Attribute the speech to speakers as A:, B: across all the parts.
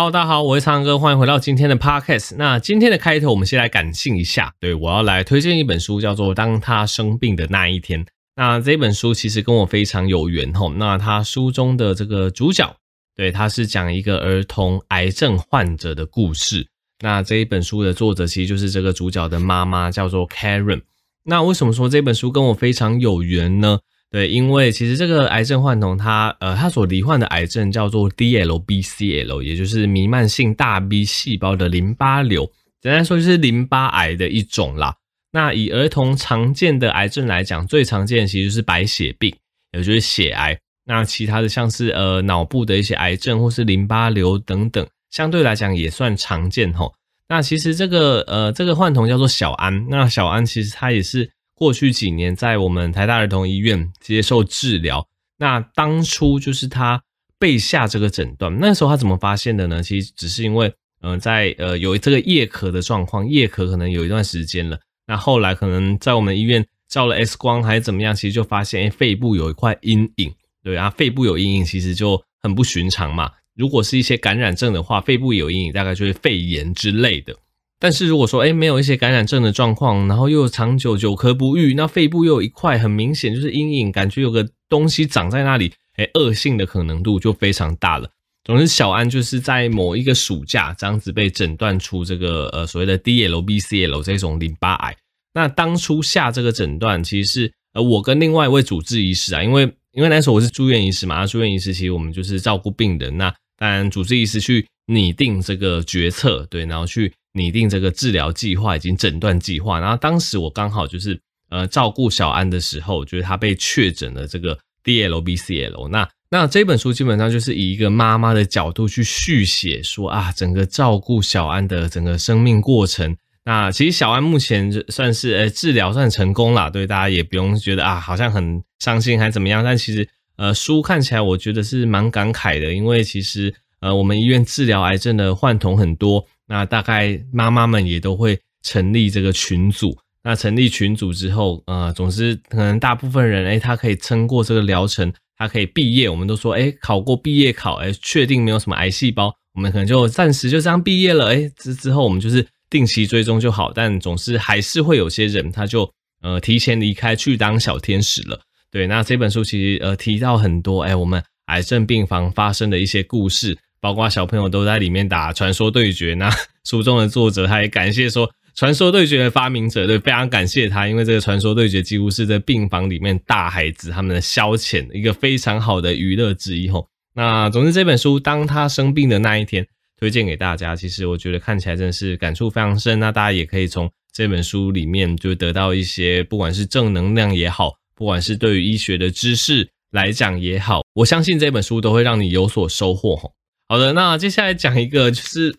A: Hello，大家好，我是蒼藍鴿，歡迎回到今天的 podcast。那今天的開頭，我們先來感性一下。對我要來推薦一本書，叫做《當他生病的那一天》。那這本書其實跟我非常有緣哦，那他書中的這個主角，對，他是講一個兒童癌症患者的故事。那這一本書的作者，其實就是這個主角的媽媽，叫做 Karen。那為什麼說這本書跟我非常有緣呢？對，因為其實這個癌症患童他，呃，他所罹患的癌症叫做 DLBCL，也就是瀰漫性大 B 細胞的淋巴瘤，簡單說就是淋巴癌的一種啦。那以兒童常見的癌症來講，最常見的其實就是白血病，也就是血癌。那其他的像是呃腦部的一些癌症或是淋巴瘤等等，相對來講也算常見吼。那其實這個呃這個患童叫做小安，那小安其實他也是。過去幾年，在我們台大兒童醫院接受治療。那當初就是他被下這個診斷，那時候他怎麼發現的呢？其實只是因為，嗯、呃，在呃有這個夜咳的狀況，夜咳可能有一段時間了。那後來可能在我們醫院照了 X 光還是怎麼樣，其實就發現，哎，肺部有一塊陰影。對啊，肺部有陰影，其實就很不尋常嘛。如果是一些感染症的話，肺部有陰影，大概就是肺炎之類的。但是如果說，哎，沒有一些感染症的狀況，然後又長久久咳不愈，那肺部又有一塊很明顯就是陰影，感覺有個東西長在那裡，哎，惡性的可能度就非常大了。總之，小安就是在某一個暑假這樣子被診斷出這個呃所謂的 DLBCL 這種淋巴癌。那當初下這個診斷，其實是呃我跟另外一位主治醫師啊，因為因為那時候我是住院醫師嘛，那住院醫師其實我們就是照顧病人，那當然主治醫師去擬定這個決策，對，然後去。擬定這個治療計劃，以及診斷計劃。然後當時我剛好就是呃照顧小安的時候，就是他被確診了這個 DLBCL 那。那那這本書基本上就是以一個媽媽的角度去敘寫，說啊，整個照顧小安的整個生命過程。那其實小安目前算是呃、欸、治療算成功啦，對，大家也不用覺得啊好像很傷心還怎麼樣。但其實呃書看起來我覺得是蠻感慨的，因為其實。呃，我們醫院治療癌症的患童很多，那大概媽媽們也都會成立這個群組。那成立群組之後，呃，總之可能大部分人，哎，他可以撐過這個療程，他可以畢業。我們都說，哎，考過畢業考，哎，確定沒有什麼癌細胞，我們可能就暫時就這樣畢業了。哎，之之後我們就是定期追蹤就好。但總是還是會有些人，他就呃提前離開去當小天使了。對，那這本書其實呃提到很多，哎，我們癌症病房發生的一些故事。包括小朋友都在裡面打傳說對決。那書中的作者他也感謝說，傳說對決的發明者，對，非常感謝他，因為這個傳說對決幾乎是在病房裡面大孩子他們的消遣，一個非常好的娛樂之一。吼，那總之這本書，當他生病的那一天，推薦給大家。其實我覺得看起來真的是感觸非常深。那大家也可以從這本書裡面就得到一些，不管是正能量也好，不管是對於醫學的知識來講也好，我相信這本書都會讓你有所收穫。吼。好的，那接下來講一個，就是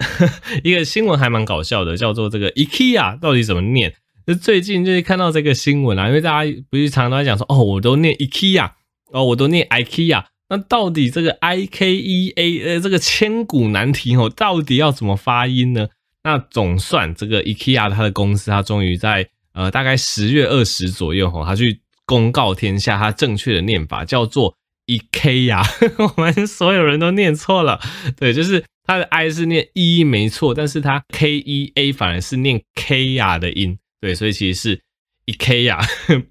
A: 一個新聞還蠻搞笑的，叫做這個 IKEA，到底怎麼念？就最近就是看到這個新聞啊，因為大家不是常常講說哦，我都念 IKEA，哦，我都念 IKEA，那到底這個 IKEA，呃，這個千古難題哦，到底要怎麼發音呢？那總算這個 IKEA 它的公司，它終於在呃大概十月二十左右哦，它去公告天下，它正確的念法叫做。一 k 呀，我們所有人都念錯了。對，就是它的 i 是念 E 沒錯，但是它 k E a 反而是念 k 呀的音。對，所以其實是一 k 呀，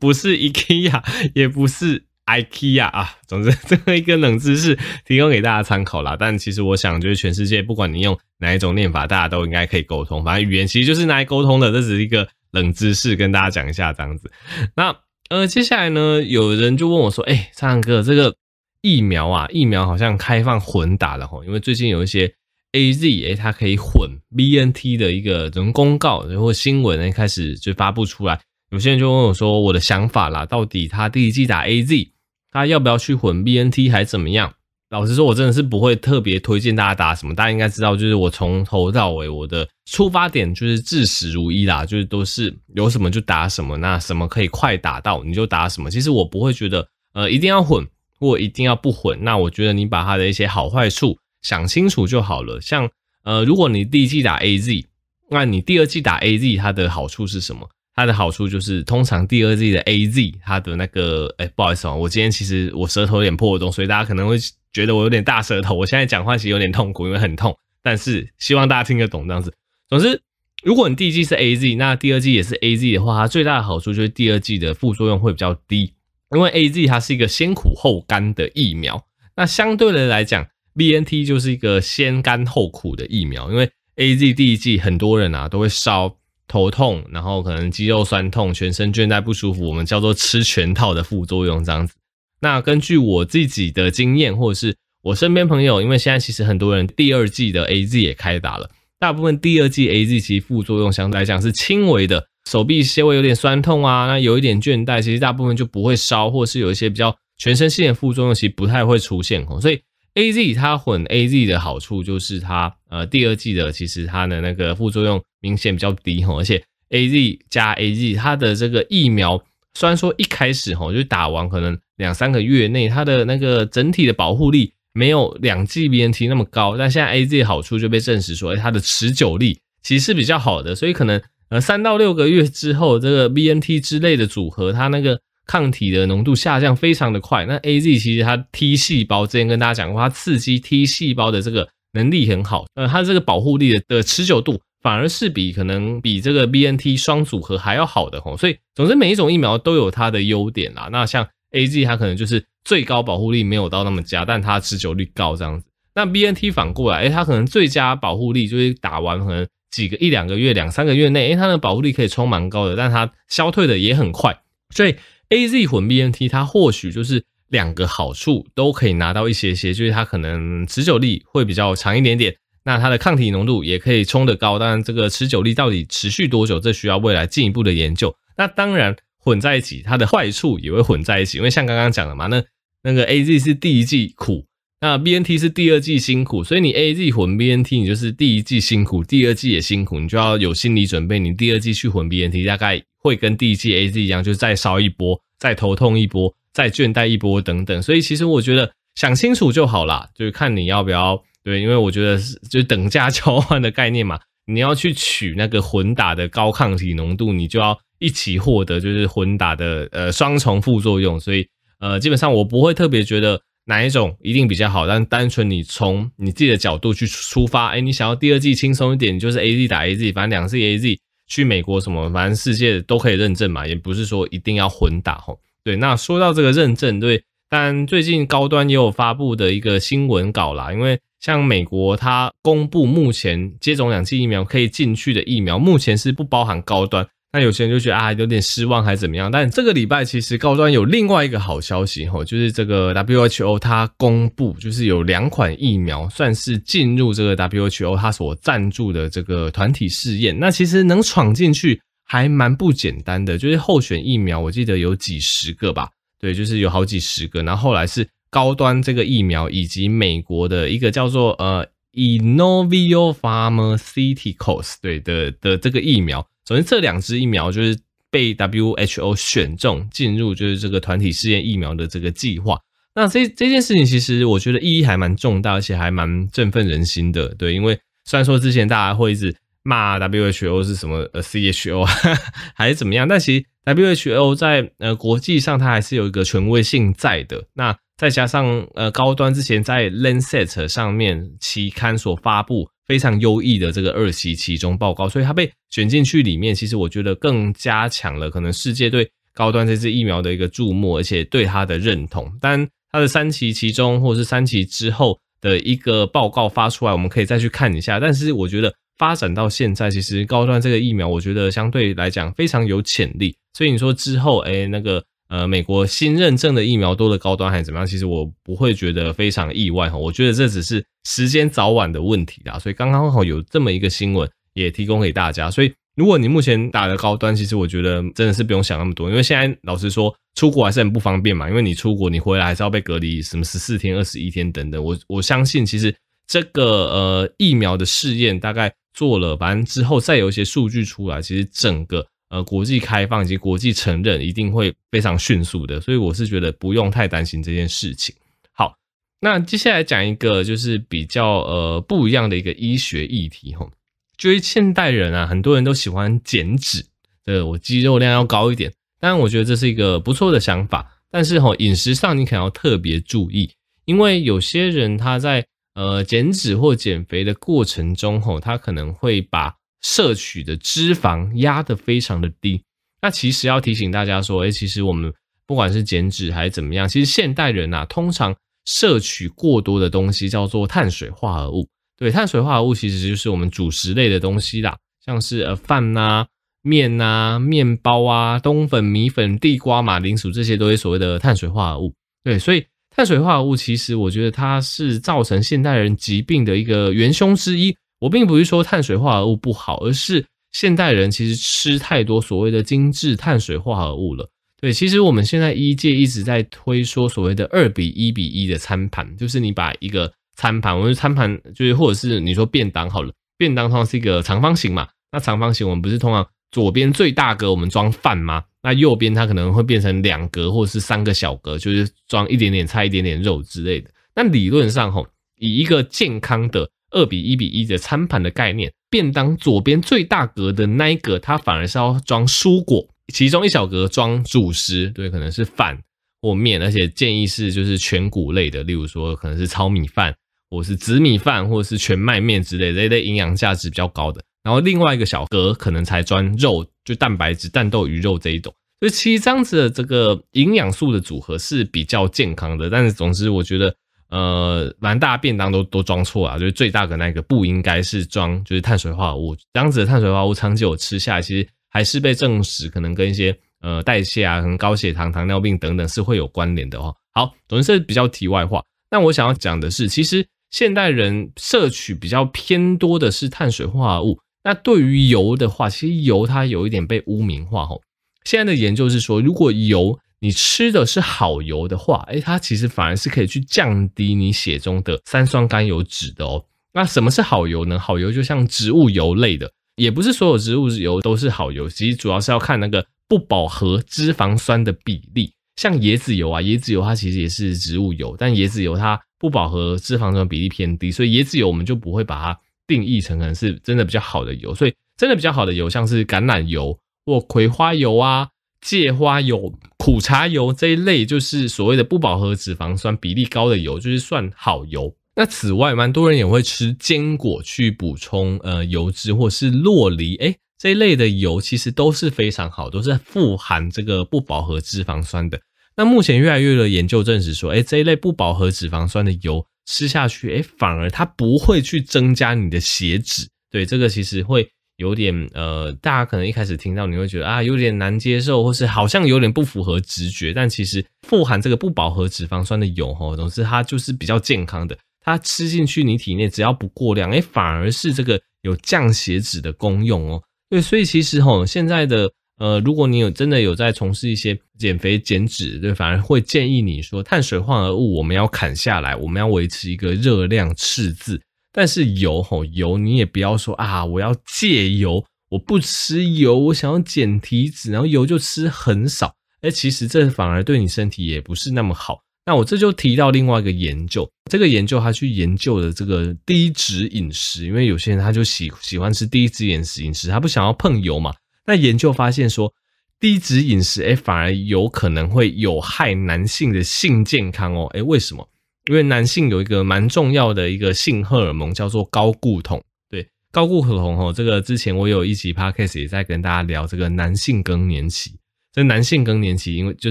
A: 不是一 k 呀，也不是 i k 呀啊。總之，這麼一個冷知識提供給大家參考啦。但其實我想，就是全世界不管你用哪一種念法，大家都應該可以溝通。反正語言其實就是拿來溝通的，這只是一個冷知識跟大家講一下這樣子。那呃，接下來呢，有人就問我說：“哎、欸，蒼藍鴿這個。”疫苗啊，疫苗好像開放混打了吼，因為最近有一些 A Z 誒、欸，它可以混 B N T 的一個什麼公告，然後新聞、欸、開始就發佈出來。有些人就問我說：“我的想法啦，到底他第一劑打 A Z，他要不要去混 B N T，還怎麼樣？”老實說，我真的是不會特別推薦大家打什麼。大家應該知道，就是我從頭到尾，我的出發點就是至始如一啦，就是都是有什麼就打什麼，那什麼可以快打到你就打什麼。其實我不會覺得，呃，一定要混。如果一定要不混，那我覺得你把它的一些好壞處想清楚就好了。像呃，如果你第一劑打 AZ，那你第二劑打 AZ，它的好處是什麼？它的好處就是，通常第二劑的 AZ，它的那個……哎、欸，不好意思啊，我今天其實我舌頭有點破洞，所以大家可能會覺得我有點大舌頭。我現在講話其實有點痛苦，因為很痛，但是希望大家聽得懂這樣子。總之，如果你第一劑是 AZ，那第二劑也是 AZ 的話，它最大的好處就是第二劑的副作用會比較低。因為 A Z 它是一個先苦後甘的疫苗，那相對的來講，B N T 就是一個先甘後苦的疫苗。因為 A Z 第一劑很多人啊都會燒、頭痛，然後可能肌肉痠痛、全身倦怠不舒服，我們叫做吃全套的副作用這樣子。那根據我自己的經驗，或者是我身邊朋友，因為現在其實很多人第二劑的 A Z 也開打了，大部分第二劑 A Z 其實副作用相對來講是輕微的。手臂稍微有點酸痛啊，那有一點倦怠，其實大部分就不會燒，或是有一些比較全身性的副作用，其實不太會出現吼。所以 A Z 它混 A Z 的好處就是它呃第二劑的，其實它的那個副作用明顯比較低吼，而且 A Z 加 A Z 它的這個疫苗，雖然說一開始吼就打完可能兩三個月內它的那個整體的保護力沒有兩劑 B N T 那麼高，但現在 A Z 好處就被證實說，哎，它的持久力其實是比較好的，所以可能。呃，三到六個月之後，這個 B N T 之類的組合，它那個抗體的濃度下降非常的快。那 A Z 其實它 T 細胞之前跟大家講過，它刺激 T 細胞的這個能力很好。呃，它這個保護力的的持久度反而是比可能比這個 B N T 雙組合還要好的。吼，所以總之每一種疫苗都有它的優點啦。那像 A Z 它可能就是最高保護力沒有到那麼佳，但它持久率高這樣子。那 B N T 反過來，誒、欸，它可能最佳保護力就是打完可能。幾個一兩個月兩三個月內，誒、欸，它的保護力可以衝蠻高的，但它消退的也很快。所以 A Z 混 B N T，它或許就是兩個好處都可以拿到一些些，就是它可能持久力會比較長一點點，那它的抗體濃度也可以衝得高。當然，這個持久力到底持續多久，這需要未來進一步的研究。那當然混在一起，它的壞處也會混在一起，因為像剛剛講的嘛，那那個 A Z 是第一劑苦。那 BNT 是第二劑辛苦，所以你 AZ 混 BNT，你就是第一劑辛苦，第二劑也辛苦，你就要有心理準備。你第二劑去混 BNT，大概會跟第一劑 AZ 一樣，就是再燒一波，再頭痛一波，再倦怠一波等等。所以其實我覺得想清楚就好啦，就是看你要不要。對，因為我覺得是就等價交換的概念嘛，你要去取那個混打的高抗體濃度，你就要一起獲得就是混打的呃雙重副作用。所以呃，基本上我不會特別覺得。哪一種一定比較好？但單純你從你自己的角度去出發，哎、欸，你想要第二劑輕鬆一點，你就是 AZ 打 AZ，反正兩劑 AZ 去美國什麼，反正世界都可以認證嘛，也不是說一定要混打吼。對，那說到這個認證，對，但最近高端也有發布的一個新聞稿啦，因為像美國它公布目前接種兩劑疫苗可以進去的疫苗，目前是不包含高端。那有些人就覺得啊，有點失望，還是怎麼樣？但這個禮拜其實高端有另外一個好消息吼，就是這個 WHO 它公布，就是有兩款疫苗算是進入這個 WHO 它所贊助的這個團體試驗。那其實能闖進去還蠻不簡單的，就是候選疫苗我記得有幾十個吧，對，就是有好幾十個。然後後來是高端這個疫苗，以及美國的一個叫做呃 Inovio Pharmaceuticals 對的的這個疫苗。首先，這兩支疫苗就是被 WHO 選中，進入就是這個團體試驗疫苗的這個計劃。那這這件事情其實我覺得意義還蠻重大，而且還蠻振奮人心的。對，因為雖然說之前大家會一直罵 WHO 是什麼呃 CHO 還是怎麼樣，但其實 WHO 在呃國際上它還是有一個權威性在的。那再加上呃高端之前在 Lancet 上面期刊所發布。非常優異的這個二期期中報告，所以它被捲進去裡面，其實我覺得更加強了可能世界對高端這支疫苗的一個注目，而且對它的認同。當然，它的三期期中或者是三期之後的一個報告發出來，我們可以再去看一下。但是我覺得發展到現在，其實高端這個疫苗，我覺得相對來講非常有潛力。所以你說之後，哎，那個。呃，美國新認證的疫苗多的高端還是怎麼樣？其實我不會覺得非常意外哈，我覺得這只是時間早晚的問題啦。所以剛剛好有這麼一個新聞也提供給大家。所以如果你目前打的高端，其實我覺得真的是不用想那麼多，因為現在老實說出國還是很不方便嘛，因為你出國你回來還是要被隔離，什麼十四天、二十一天等等。我我相信其實這個呃疫苗的試驗大概做了，反正之後再有一些數據出來，其實整個。呃，國際開放以及國際承認一定會非常迅速的，所以我是覺得不用太擔心這件事情。好，那接下來講一個就是比較呃不一樣的一個醫學議題吼，就是現代人啊，很多人都喜歡減脂，對，我肌肉量要高一點，當然我覺得這是一個不錯的想法，但是吼，飲食上你可能要特別注意，因為有些人他在呃減脂或減肥的過程中吼，他可能會把。攝取的脂肪壓得非常的低，那其實要提醒大家說，誒、欸、其實我們不管是減脂還是怎麼樣，其實現代人啊，通常攝取過多的東西叫做碳水化合物。對，碳水化合物其實就是我們主食類的東西啦，像是飯吶、啊、麵吶、啊、麵包啊、冬粉、米粉、地瓜、馬鈴薯，這些都是所謂的碳水化合物。對，所以碳水化合物其實我覺得它是造成現代人疾病的一個元兇之一。我並不是說碳水化合物不好，而是現代人其實吃太多所謂的精致碳水化合物了。對，其實我們現在醫界一直在推說所謂的二比一比一的餐盤，就是你把一個餐盤，我們餐盤就是或者是你說便當好了，便當通常是一個長方形嘛，那長方形我們不是通常左邊最大格我們裝飯嗎？那右邊它可能會變成兩格或者是三個小格，就是裝一點點菜、一點點肉之類的。那理論上吼，以一個健康的。二比一比一的餐盤的概念，便當左邊最大格的那一格，它反而是要裝蔬果，其中一小格裝主食，對，可能是飯或麵，而且建議是就是全谷類的，例如說可能是糙米飯，或是紫米飯，或是全麥麵之類，這類營養價值比較高的。然後另外一個小格可能才裝肉，就蛋白質，蛋豆魚肉這一種。所以其實這樣子的這個營養素的組合是比較健康的，但是總之我覺得。呃，蠻大便當都都裝錯啊，就是最大的那個不應該是裝，就是碳水化合物。這樣子的碳水化合物長久吃下，其實還是被證實可能跟一些呃代謝啊、可能高血糖、糖尿病等等是會有關聯的哦。好，總之是比較題外話。那我想要講的是，其實現代人攝取比較偏多的是碳水化合物。那對於油的話，其實油它有一點被污名化哦。現在的研究是說，如果油。你吃的是好油的話，哎、欸，它其實反而是可以去降低你血中的三酸甘油酯的哦。那什麼是好油呢？好油就像植物油類的，也不是所有植物油都是好油，其實主要是要看那個不飽和脂肪酸的比例。像椰子油啊，椰子油它其實也是植物油，但椰子油它不飽和脂肪酸的比例偏低，所以椰子油我們就不會把它定義成可能是真的比較好的油。所以真的比較好的油，像是橄欖油或葵花油啊、芥花油，苦茶油這一類就是所謂的不飽和脂肪酸比例高的油，就是算好油。那此外，蠻多人也會吃堅果去補充呃油脂，或是酪梨誒、欸，這一類的油，其實都是非常好，都是富含這個不飽和脂肪酸的。那目前越來越多研究證實說，誒、欸，這一類不飽和脂肪酸的油吃下去，誒、欸，反而它不會去增加你的血脂，對這個其實會。有點呃，大家可能一開始聽到你會覺得啊，有點難接受，或是好像有點不符合直覺。但其實富含這個不飽和脂肪酸的油齁，總之它就是比較健康的。它吃進去你體內，只要不過量，欸，反而是這個有降血脂的功用喔。對，所以其實齁，現在的呃，如果你有真的有在從事一些減肥減脂，對，反而會建議你說，碳水化合物我們要砍下來，我們要維持一個熱量赤字。但是油，吼，油，你也不要說啊！我要戒油，我不吃油，我想要減體脂，然後油就吃很少。欸，其實這反而對你身體也不是那麼好。那我這就提到另外一個研究，這個研究他去研究的這個低脂飲食，因為有些人他就喜喜歡吃低脂飲食，飲食他不想要碰油嘛。那研究發現說，低脂飲食，欸，反而有可能會有害男性的性健康哦。欸，為什麼？因為男性有一個蠻重要的一個性荷爾蒙叫做睪固酮，對，睪固酮哦，這個之前我有一集 podcast 也在跟大家聊這個男性更年期。這男性更年期，因為就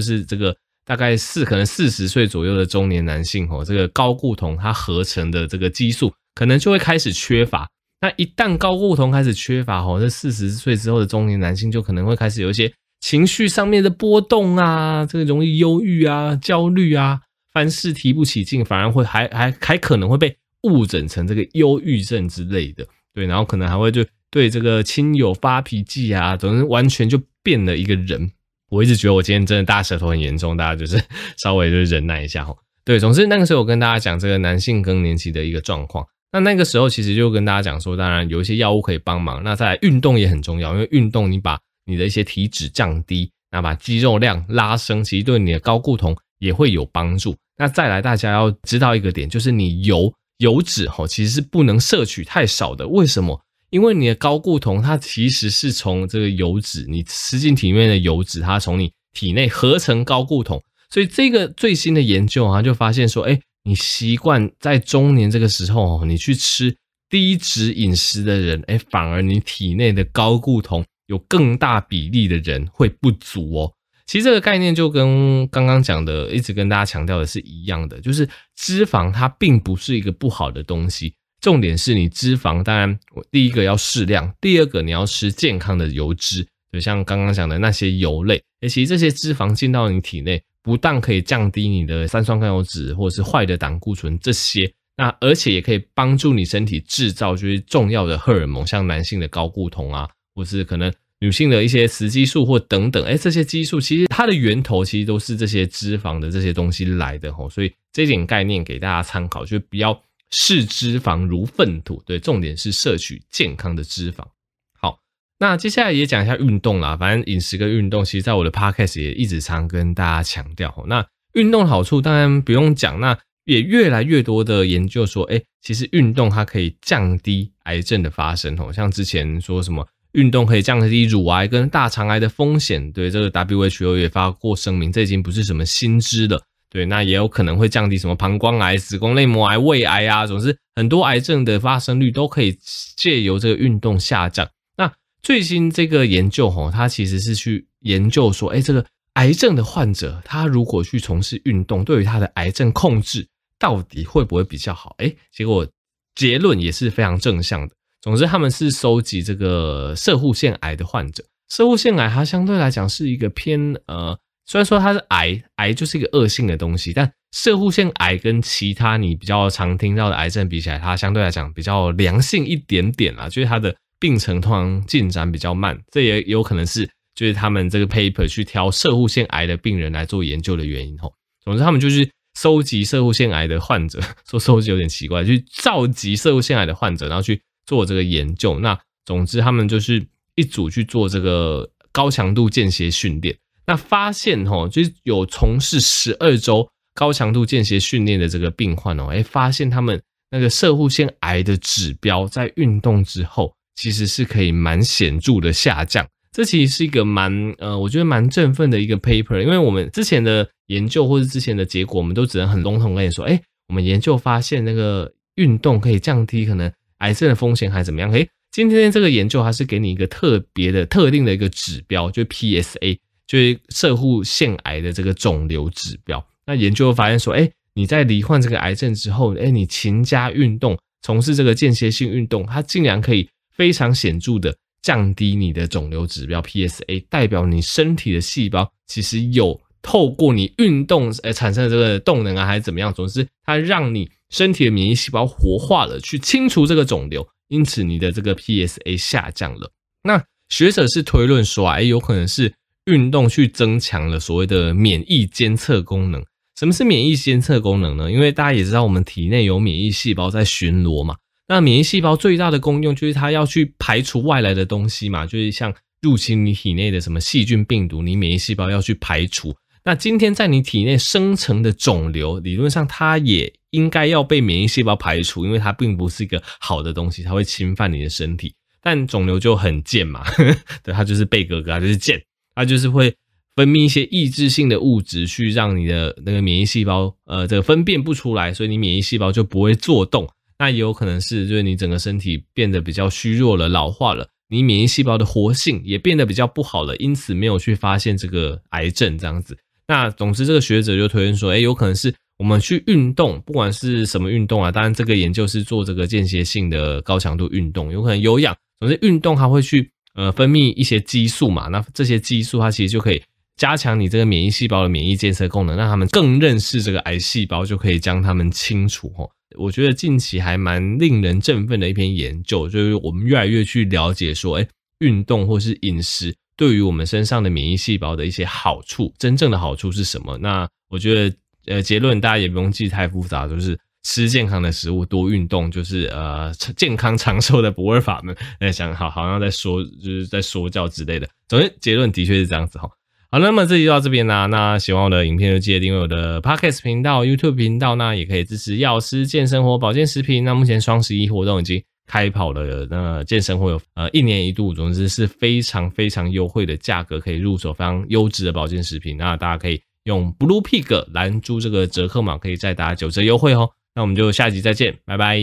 A: 是這個大概四可能四十歲左右的中年男性哦，這個睪固酮它合成的這個激素可能就會開始缺乏。那一旦睪固酮開始缺乏哦，這四十歲之後的中年男性就可能會開始有一些情緒上面的波動啊，這個容易憂鬱啊、焦慮啊。凡事提不起勁，反而會還還還可能會被誤診成這個憂鬱症之類的，對，然後可能還會就對這個親友發脾氣啊，總是完全就變了一個人。我一直覺得我今天真的大舌頭很嚴重，大家就是稍微就是忍耐一下齁。對，總之那個時候我跟大家講這個男性更年期的一個狀況，那那個時候其實就跟大家講說，當然有一些藥物可以幫忙，那再來運動也很重要，因為運動你把你的一些體脂降低，那把肌肉量拉升，其實對你的睪固酮。也會有幫助。那再來，大家要知道一個點，就是你油油脂吼其實是不能攝取太少的。為什麼？因為你的睪固酮它其實是從這個油脂，你吃進體內的油脂，它從你體內合成睪固酮。所以這個最新的研究啊，就發現說，哎，你習慣在中年這個時候，你去吃低脂飲食的人，哎，反而你體內的睪固酮有更大比例的人會不足哦。其實這個概念就跟剛剛講的，一直跟大家強調的是一樣的，就是脂肪它並不是一個不好的東西。重點是你脂肪，當然，第一個要適量，第二個你要吃健康的油脂，就像剛剛講的那些油類。其實這些脂肪進到你體內，不但可以降低你的三酸甘油酯或者是壞的膽固醇這些，那而且也可以幫助你身體制造就是重要的荷爾蒙，像男性的睾固酮啊，或是可能。女性的一些雌激素或等等，哎、欸，這些激素其實它的源頭其實都是這些脂肪的這些東西來的吼，所以這點概念給大家參考，就是，不要視脂肪如糞土。對，重點是攝取健康的脂肪。好，那接下來也講一下運動啦，反正飲食跟運動，其實在我的 podcast 也一直常跟大家強調。那運動的好處當然不用講，那也越來越多的研究說，哎、欸，其實運動它可以降低癌症的發生吼，像之前說什麼。運動可以降低乳癌跟大腸癌的風險，對，這個 WHO 也發過聲明，這已經不是什麼新知了。對，那也有可能會降低什麼膀胱癌、子宮內膜癌、胃癌啊，總之很多癌症的發生率都可以借由這個運動下降。那最新這個研究哦，它其實是去研究說，哎、欸，這個癌症的患者，他如果去從事運動，對於他的癌症控制到底會不會比較好？哎、欸，結果結論也是非常正向的。總之，他們是收集這個攝護腺癌的患者。攝護腺癌它相對來講是一個偏呃，雖然說它是癌，癌就是一個惡性的東西，但攝護腺癌跟其他你比較常聽到的癌症比起來，它相對來講比較良性一點點啦，就是它的病程通常進展比較慢。這也有可能是就是他們這個 paper 去挑攝護腺癌的病人來做研究的原因齁。總之，他們就是收集攝護腺癌的患者，說收集有點奇怪，去召集攝護腺癌的患者，然後去。做這個研究，那總之他們就是一組去做這個高強度間歇訓練，那發現哈、喔，就是有從事十二週高強度間歇訓練的這個病患哦、喔，哎、欸，發現他們那個攝護腺癌的指標在運動之後其實是可以蠻顯著的下降，這其實是一個蠻呃，我覺得蠻振奮的一個 paper，因為我們之前的研究或是之前的結果，我們都只能很籠統的說，哎、欸，我們研究發現那個運動可以降低可能。癌症的風險還怎麼樣？誒、欸，今天這個研究還是給你一個特別的、特定的一個指標，就 PSA，就是攝護腺癌的這個腫瘤指標。那研究發現說，誒、欸，你在罹患這個癌症之後，誒、欸，你勤加運動，從事這個間歇性運動，它竟然可以非常顯著的降低你的腫瘤指標 PSA，代表你身體的細胞其實有透過你運動，呃、欸，產生的這個動能啊，還是怎麼樣，總之它讓你。身體的免疫細胞活化了，去清除這個腫瘤，因此你的這個 PSA 下降了。那學者是推論說，哎、欸，有可能是運動去增強了所謂的免疫監測功能。什麼是免疫監測功能呢？因為大家也知道，我們體內有免疫細胞在巡邏嘛。那免疫細胞最大的功用就是它要去排除外來的東西嘛，就是像入侵你體內的什麼細菌、病毒，你免疫細胞要去排除。那今天在你體內生成的腫瘤，理論上它也應該要被免疫細胞排除，因為它並不是一個好的東西，它會侵犯你的身體。但腫瘤就很賤嘛，呵呵，對，它就是貝格格，它就是賤，它就是會分泌一些抑制性的物質去讓你的那個免疫細胞，呃，這個分辨不出來，所以你免疫細胞就不會作動。那也有可能是，就是你整個身體變得比較虛弱了，老化了，你免疫細胞的活性也變得比較不好了，因此沒有去發現這個癌症這樣子。那總之，這個學者就推論說，誒、欸、有可能是我們去運動，不管是什麼運動啊，當然這個研究是做這個間歇性的高強度運動，有可能有氧。總之，運動它會去呃分泌一些激素嘛，那這些激素它其實就可以加強你這個免疫細胞的免疫監測功能，讓他們更認識這個癌細胞，就可以將他們清除、哦。吼，我覺得近期還蠻令人振奮的一篇研究，就是我們越來越去了解說，誒、欸、運動或是飲食。對於我們身上的免疫細胞的一些好處，真正的好處是什麼？那我覺得，呃，結論大家也不用記太複雜，就是吃健康的食物，多運動，就是呃健康長壽的不二法門。哎、欸，想好好像在說，就是在說教之類的。總之，結論的確是這樣子哈。好了，那麼這集就到這邊啦。那喜歡我的影片，就記得訂閱我的 Podcast 頻道、YouTube 頻道。那也可以支持藥師健生活保健食品。那目前雙十一活動已經。開跑了！那健身會有呃一年一度，總之是非常非常優惠的價格可以入手非常優質的保健食品。那大家可以用 Blue Pig 藍豬這個折扣碼，可以再打九折優惠哦。那我們就下集再見，拜拜。